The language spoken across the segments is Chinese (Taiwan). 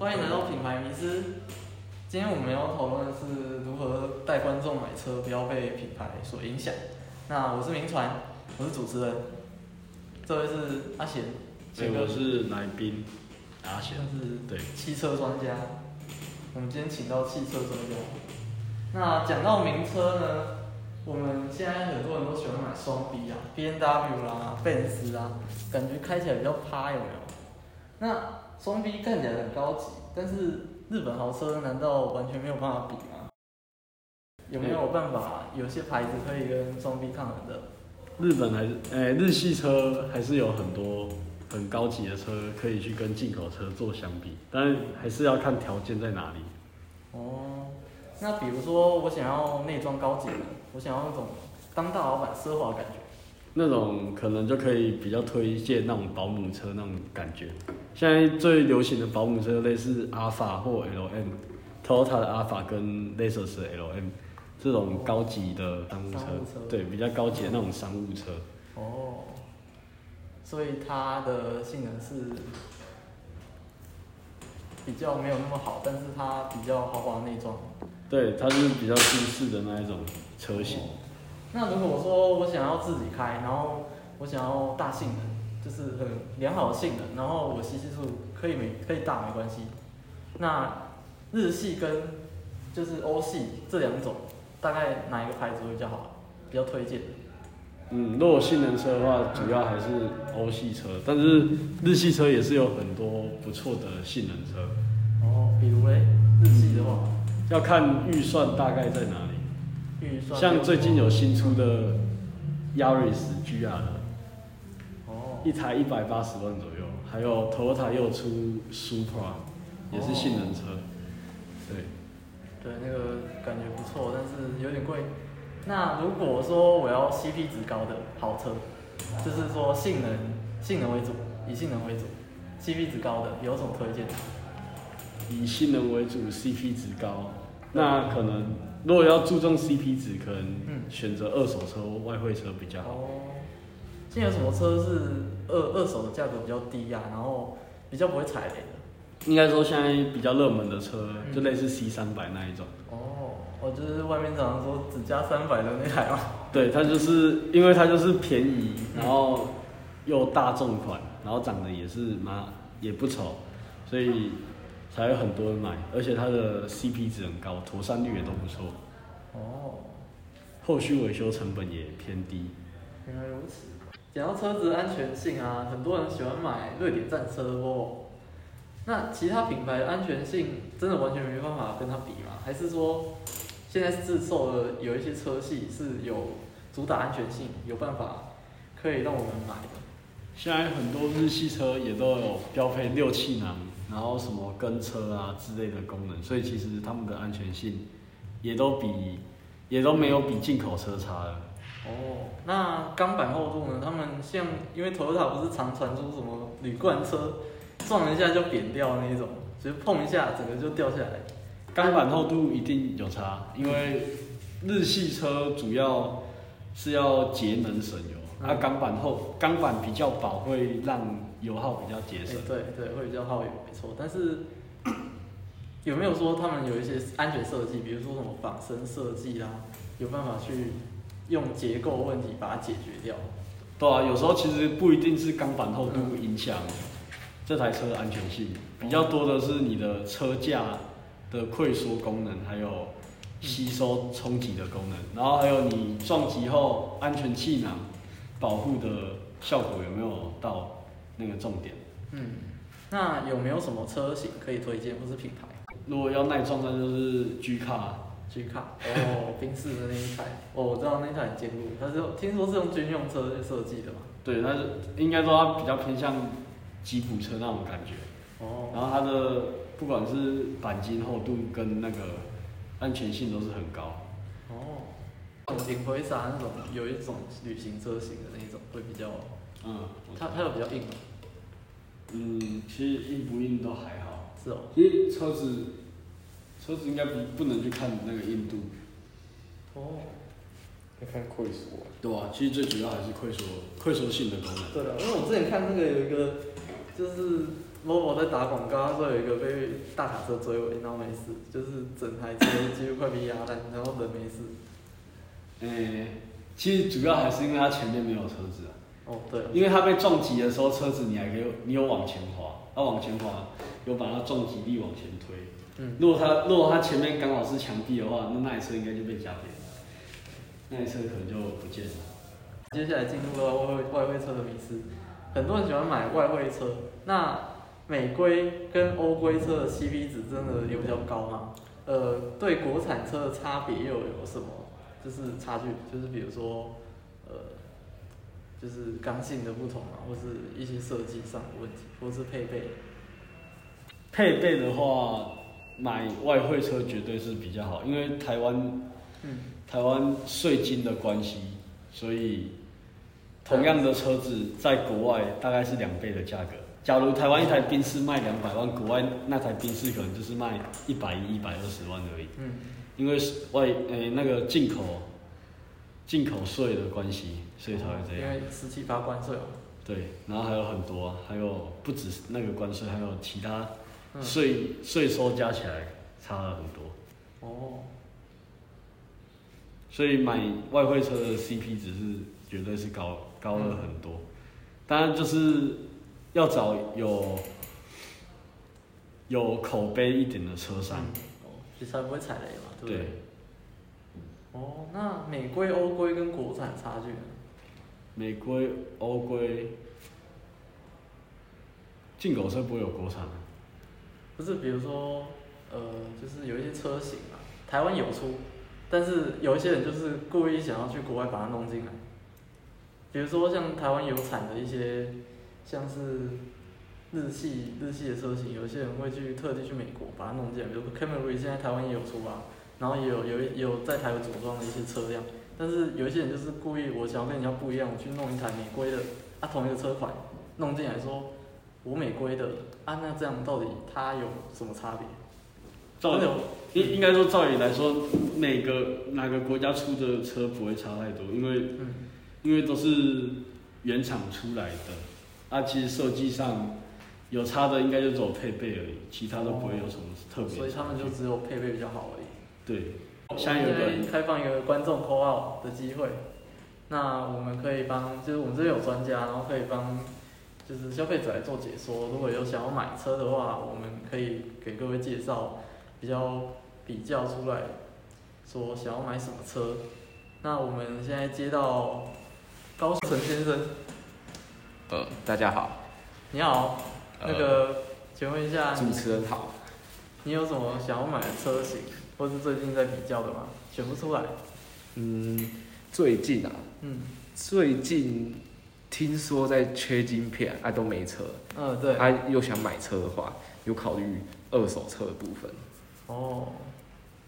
歡迎來到品牌迷思。今天我們要討論的是如何帶觀眾買車，不要被品牌所影響。那我是銘傳，我是主持人。這位是阿賢，我是來賓，阿賢是汽車專家。對我們今天請到汽車專家。那講到名車呢，我們現在很多人都喜歡買雙 B 啊，BMW 啊啦，Benz 啊，感覺開起來比較趴，有沒有？那雙 B 看起來很高級，但是日本豪車難道完全沒有辦法比嗎？有沒有辦法？有些牌子可以跟雙 B 抗衡的。欸。日本還是哎、欸，日系車還是有很多很高級的車可以去跟進口車做相比，但是還是要看條件在哪裡。哦，那比如說我想要內裝高級的，我想要那種當大老闆奢華感覺，那種可能就可以比較推薦那種保姆車那種感覺。現在最流行的保姆車類似阿爾法或 L M，Toyota 的阿爾法跟 Lexus L M，這種高級的商務車，商務車，對，比較高級的那種商務車。哦，所以它的性能是比較沒有那麼好，但是它比較豪華內裝。對，它是比較舒適的那一種車型，哦。那如果說我想要自己開，然後我想要大性能，就是很良好的性能，然後我吸氣數可以沒可以大沒關係。那日系跟就是歐系這兩種，大概哪一個牌子會比較好，比較推薦？嗯，如果性能車的話，主要還是歐系車，但是日系車也是有很多不錯的性能車。哦，比如呢，日系的話，嗯，要看預算大概在哪裡。預算，像最近有新出的亞瑞斯 G R 的。一台一百八十萬左右，還有 Toyota 又出 Supra，也是性能車，oh. 對。對，那個感覺不錯，但是有點貴。那如果說我要 CP 值高的跑車，就是說性能性能為主，以性能為主，CP 值高的，有什麼推薦？以性能為主, CP 值高，以性能為主，CP 值高，那可能如果要注重 CP 值，可能選擇二手車或外匯車比較好。Oh. 現在什麼車是二二手的價格比較低啊，然後比較不會踩雷的？應該說現在比較熱門的車，就類似 C 三百那一種。哦、嗯，oh, 我就是外面常常說只加三百的那台嘛。對，它就是因為它就是便宜，然後又大眾款，然後長得也是嘛，也不醜，所以才有很多人買。而且它的 CP 值很高，妥善率也都不錯。哦。Oh. 後續維修成本也偏低。原來如此。講到車子的安全性啊，很多人喜歡買瑞典戰車哦，那其他品牌的安全性真的完全沒辦法跟它比嗎？還是說現在是自售的有一些車系是有主打安全性，有辦法可以讓我們買的？現在很多日系車也都有標配六氣囊，然後什麼跟車啊之類的功能，所以其實他們的安全性也都比也都沒有比進口車差的。哦，那鋼板厚度呢？他們像，因為 Toyota 不是常傳出什麼鋁罐車撞了一下就扁掉那一種，所、就、以、是、碰一下整個就掉下來。鋼板厚度一定有差，嗯、因為日系車主要是要節能省油，那鋼、嗯啊、板厚鋼板比較薄會讓油耗比較節省。欸、對對，會比較耗油，沒錯。但是 有沒有說他們有一些安全設計，比如說什麼仿生設計啊，有辦法去？用結構問題把它解決掉。對啊，有時候其實不一定是鋼板厚度影響這台車的安全性，比較多的是你的車架的潰縮功能，還有吸收衝擊的功能，嗯、然後還有你撞擊後安全氣囊保護的效果有沒有到那個重點？嗯，那有沒有什麼車型可以推薦？不是品牌。如果要耐撞，那就是 G-Car，去看哦，賓士的那一台 哦，我知道那一台很堅固，它是聽說是用軍用車去設計的嘛？對，那就應該說它比較偏向吉普車那種感覺哦，嗯、然後它的不管是鈑金厚度跟那個安全性都是很高哦，那種頂灰色那種有一種旅行車型的那種會比較嗯，它它有比較硬嗎？嗯，其實硬不硬都還好，是哦，其實車子。車子應該不不能去看那個硬度。哦，要看潰縮。對吧？啊？其實最主要還是潰縮，潰縮性的功能。對的，啊，因為我之前看那個有一個，就是某某在打廣告，他說有一個被大卡車追尾，然後沒事，就是整台車幾乎快被壓了， 然後人沒事。誒、欸，其實主要還是因為它前面沒有車子啊。哦，對，啊。因為它被撞擊的時候，車子你還可以，你有往前滑，它往前滑，有把它撞擊力往前推。嗯、如果他，他如果他前面剛好是牆壁的話，那那一車應該就被夾扁，那一車可能就不見了。嗯嗯、接下來進入到外匯外匯車的迷思，很多人喜歡買外匯車。那美規跟歐規車的 CP 值真的有比較高嗎？嗯嗯、呃，對國產車的差別又有什麼？就是差距，就是比如說，呃，就是剛性的不同啊，或是一些設計上的問題，或是配備。配備的話。嗯買外匯車絕對是比較好，因為台灣，嗯、台灣稅金的關係，所以同樣的車子在國外大概是兩倍的價格。假如台灣一台賓士賣兩百萬，嗯、國外那台賓士可能就是賣一百一、一百二十萬而已。嗯，因為外呃、欸、那個進口，進口稅的關係，所以才會這樣。因為、嗯、十七八關稅嘛、喔。對，然後還有很多，還有不只是那個關稅，嗯、還有其他。稅稅收加起來差了很多，哦，所以買外匯車的 CP 值，是絕對是高高了很多，當然就是要找有有口碑一點的車商，哦，才不會踩雷嘛，對不對？哦，那美規、歐規跟國產差距呢？美規、歐規進口車不會有國產的。不是，比如說，呃，就是有一些車型啊，台灣有出，但是有一些人就是故意想要去國外把它弄進來。比如說像台灣有產的一些，像是日系日系的車型，有些人會去特地去美國把它弄進來。比如說凱美瑞現在台灣也有出啊，然後也有有也有在台灣組裝的一些車輛，但是有一些人就是故意，我想要跟人家不一樣，我去弄一台美規的啊同一個車款弄進來說。五美規的啊，那這樣到底它有什麼差別？照、嗯、應應該說，照理來說，每個哪個國家出的車不會差太多，因為、嗯、因為都是原廠出來的，啊，其實設計上有差的應該就只有配備而已，其他都不會有什麼特別、哦哦。所以他們就只有配備比較好而已。對，下現在開放一個觀眾 call out 的機會，那我們可以幫，就是我們這邊有專家，然後可以幫。就是消費者來做解說，如果有想要買車的話，我們可以給各位介紹，比較比較出來，說想要買什麼車。那我們現在接到高世成先生。呃，大家好。你好。那個，請、呃、問一下主持人好，你有什麼想要買的車型，或是最近在比較的嗎？選不出來。嗯，最近啊。嗯。最近。聽說在缺晶片，啊，都沒車。嗯，對。他、啊、又想買車的話，有考慮二手車的部分。哦，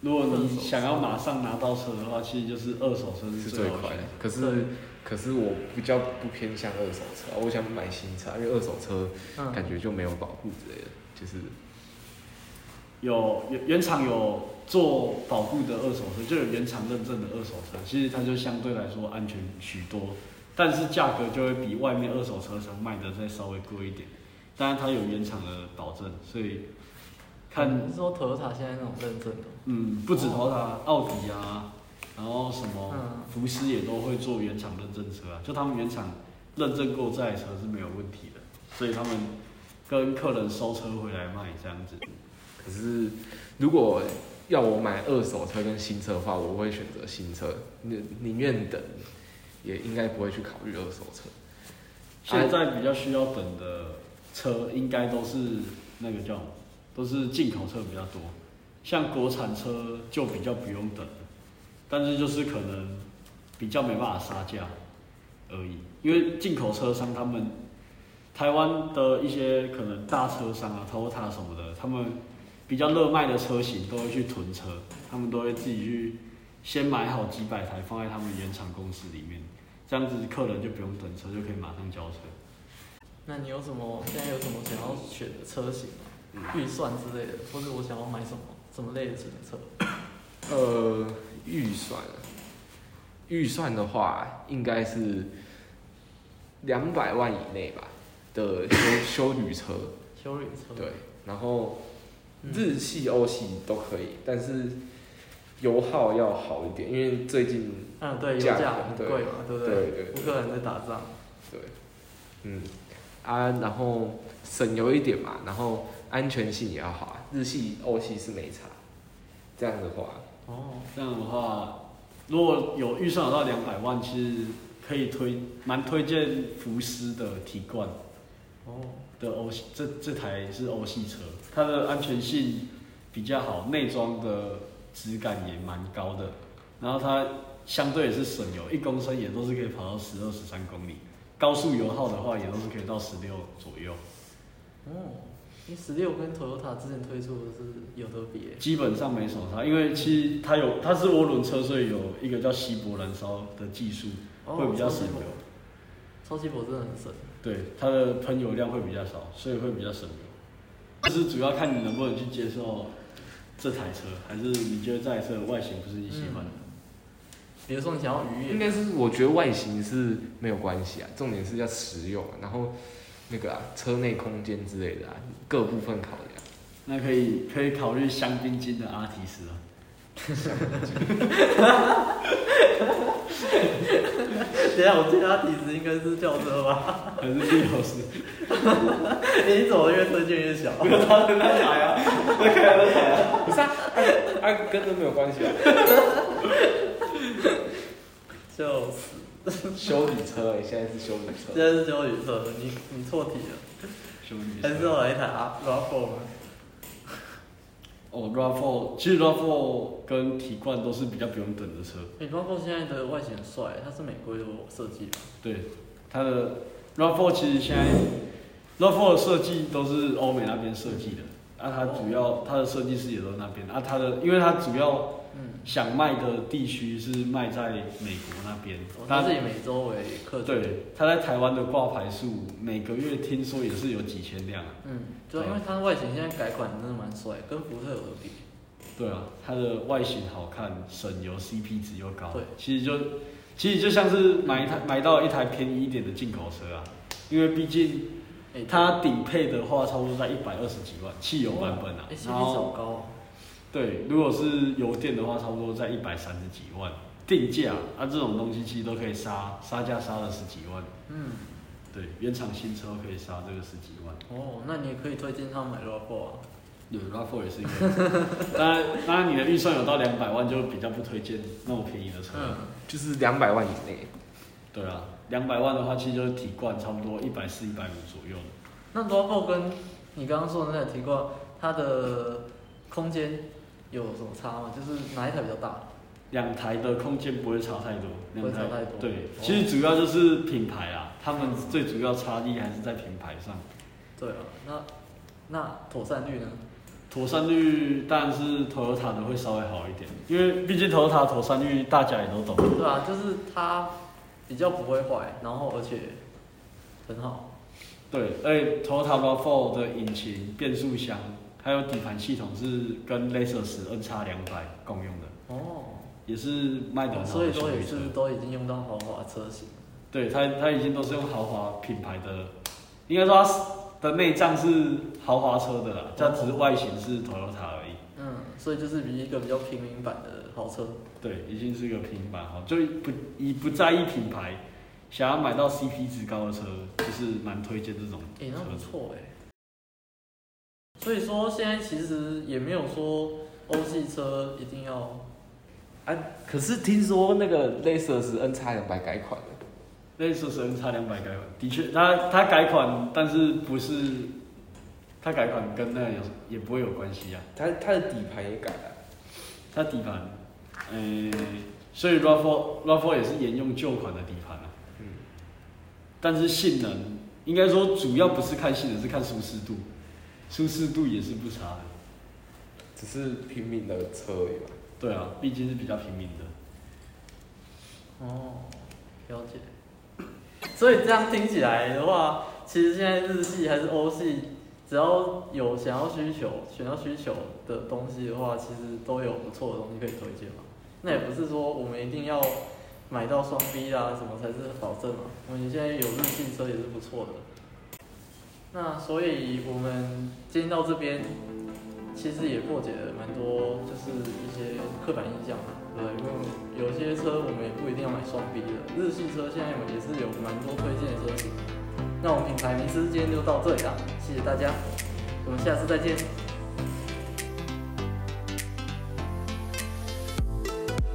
如果你想要馬上拿到車的話，其實就是二手車是最快的。是最快的。可是，對可是我比較不偏向二手車，我想買新車，因為二手車感覺就沒有保護之類的，就是有，有原原廠有做保護的二手車，就有原廠認證的二手車，其實它就相對來說安全許多，但是價格就會比外面二手車商賣的再稍微貴一點，當然它有原廠的保證，所以看說 Toyota 現在那種認證的，嗯，不止 Toyota，哦，奧迪啊，然後什麼福斯也都會做原廠認證車啊，就他們原廠認證過這台車是沒有問題的，所以他們跟客人收車回來賣這樣子。可是如果要我買二手車跟新車的話，我會選擇新車，寧寧願等。也應該不會去考慮二手車。現在比較需要等的車，應該都是那個叫，都是進口車比較多。像國產車就比較不用等，但是就是可能比較沒辦法殺價而已。因為進口車商他們，台灣的一些可能大車商啊、偷他什麼的，他們比較熱賣的車型都會去囤車，他們都會自己去。先買好幾百台放在他們原廠公司裡面，這樣子客人就不用等車，就可以馬上交車。那你有什麼？現在有什麼想要選的車型啊？嗯，預算之類的，或是我想要買什麼什麼類型的,的車？呃，預算，預算的話應該是兩百萬以內吧的休休旅車。休旅車。對，然後日系、歐系都可以，嗯、但是。油耗要好一點，因為最近嗯，對，油價很貴嘛，對，對，對，對，對，對不對，對，對，對？烏克蘭在打仗，對，嗯，啊，然後省油一點嘛，然後安全性也要好啊，日系、歐系是沒差。這樣的話哦，這樣的話，如果有預算有到兩百萬，其實可以推蠻推薦福斯的提冠哦的歐系，這這台是歐系車，它的安全性比較好，內裝的。質感也蠻高的，然後它相對也是省油，一公升也都是可以跑到十二十三公里，高速油耗的話也都是可以到十六左右。哦、嗯，你十六跟 Toyota 之前推出的是有得比。基本上沒什麼差，因為其實它有它是渦輪車，所以有一個叫稀薄燃燒的技術，哦、會比較省油。超稀薄真的很省。對，它的噴油量會比較少，所以會比較省油。這、就是主要看你能不能去接受。這台車還是你覺得這台車的外形不是你喜歡的？嗯、比如說你想要魚，應該是我覺得外形是沒有關係啊，重點是要實用，啊，然後那個啊車內空間之類的啊，各部分考量。那可以可以考慮香檳金的阿提斯啊。哈哈 等下我記得阿提斯應該是轎車吧？還是哈老師你怎麼越推薦越小？不要當真，他假呀。那開那台， 不是啊，啊啊跟這沒有關係啊， 就是，休 旅車，現在是休旅車，現在是休旅車，你你錯題了，兄弟。休旅車，還是我一台 RAV4 嗎？哦，RAV4，其實 RAV4 跟體冠都是比較不用等的車。哎、欸、RAV4 現在的外形很帥，它是美國的設計。對，它的 RAV4，其實現在 RAV4 的設計都是歐美那邊設計的。那、啊、他主要他的設計師也都在那邊那、啊、他的，因為他主要想賣的地區是賣在美國那邊，他是以美洲為客。對，他在台灣的掛牌數每個月聽說也是有幾千輛。嗯，對，因為它的外形現在改款真的蠻帥，跟福特有得比。對啊，它的外形好看，省油，CP 值又高。對，其實就其實就像是買一台買到一台便宜一點的進口車啊，因為畢竟。欸、它頂配的話，差不多在一百二十幾萬，汽油版本啊。然後，對，如果是油電的話，差不多在一百三十幾萬。定價啊，這種東西其實都可以殺，殺價殺了十幾萬。嗯。對，原廠新車可以殺這個十幾萬。哦，那你也可以推薦他買 RAV4 啊。對，RAV4 也是一個。 當然，當然你的預算有到兩百萬，就比較不推薦那麼便宜的車。嗯、就是兩百萬以內。對啊。兩百萬的話，其實就是體冠，差不多一百四、一百五左右。那羅豹跟你剛剛說的那個體冠，它的空間有什麼差嗎？就是哪一台比較大？兩台的空間不會差太多。兩台不會差太多。對，了其實主要就是品牌啊，他們最主要差異還是在品牌上。對啊，那那妥善率呢？妥善率當然是 Toyota 的會稍微好一點，因為畢竟 Toyota 妥善率大家也都懂。對啊，就是它。比較不會壞，然後而且很好。對，而且 Toyota RAV4 的引擎、變速箱還有底盤系統是跟 Lexus NX 兩百共用的。哦。也是賣的，哦。所以說也是都已經用到豪華車型。對，它它已經都是用豪華品牌的，應該說它的內臟是豪華車的啦，只是外形是 Toyota 而已。嗯。所以就是比一個比較平民版的豪車。對，已經是一個平板哈，就不不不在意品牌，想要買到 CP 值高的車，就是蠻推薦這種車沒錯。欸欸，所以說現在其實也沒有說歐系車一定要。啊，可是聽說那個 Lexus N 叉兩百改款了，Lexus N 叉兩百改款，的確，它它改款，但是不是它改款跟那個有也不會有關係啊？它它的底盤也改了，啊，它底盤。呃、欸，所以 Rafal Rafal 也是沿用舊款的底盤啊，嗯，但是性能應該說，主要不是看性能，是看舒適度，舒適度也是不差的，欸，只是平民的車而已吧。對啊，畢竟是比較平民的。哦，了解。所以這樣聽起來的話，其實現在日系還是歐系，只要有想要需求，想要需求的東西的話，其實都有不錯的東西可以推薦吧。那也不是說我們一定要買到雙 B 啊，什麼才是保證嘛。我們現在有日系車也是不錯的。那所以我們今天到這邊，其實也破解了蠻多，就是一些刻板印象嘛，對不對？因為有些車我們也不一定要買雙 B 的，日系車現在也是有蠻多推薦的車型。那我們品牌迷思今天就到這裡啦，謝謝大家，我們下次再見。